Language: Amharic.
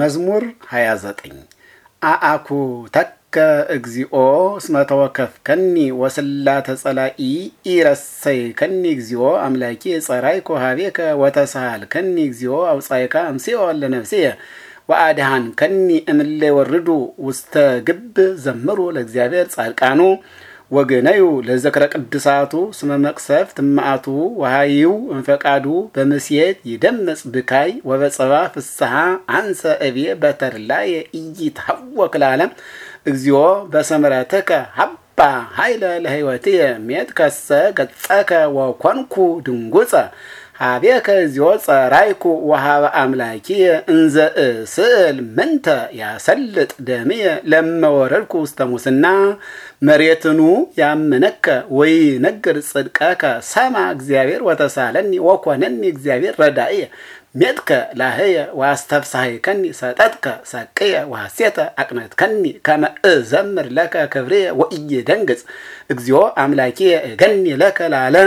መዝሙር 29 አአኩ ተከ እግዚኦ እስመ ተወከፍከኒ ወስላተ ጸላኢ ከኒ እግዚኦ አምላኪ ጸራይኮ ሀቤከ ከኒ እግዚኦ አውጻይካ እምሴኦ ለነፍሴየ ወአድሃን ከኒ እምለ ወርዱ ውስተ ግብ ዘምሩ ለእግዚአብሔር ጻድቃኑ ወገነዩ ለዘክረ ቅድሳቱ ስመ መቅሰፍት እማአቱ ወሃይው እንፈቃዱ በመስየት ይደመጽ ብካይ ወበጸባ ፍስሐ አንሰ እቤ በተርላየ ኢይትሐወክ ለዓለም እግዚኦ በሰምረተከ ሀባ ኃይለ ለሕይወትየ ሜትከሰ ገጸከ ወኮንኩ ድንጉጸ ሀቤ ከዚዮ ጸራይኩ ወሃበ አምላኪ እንዘ እስእል ምንተ ያሰልጥ ደምየ ለመወረድኩ ውስተ ሙስና መሬትኑ ያምነከ ወይ ነግር ጽድቀከ ሰማ እግዚአብሔር ወተሳለኒ ወኮነኒ እግዚአብሔር ረዳእየ ሜጥከ ላህየ ከኒ ሰጠጥከ ሰቅየ ዋሴተ ከኒ ከመ እዘምር ለከ ክብርየ ወእየ ደንግጽ እግዚኦ አምላኪየ እገኒ ለከ ላለ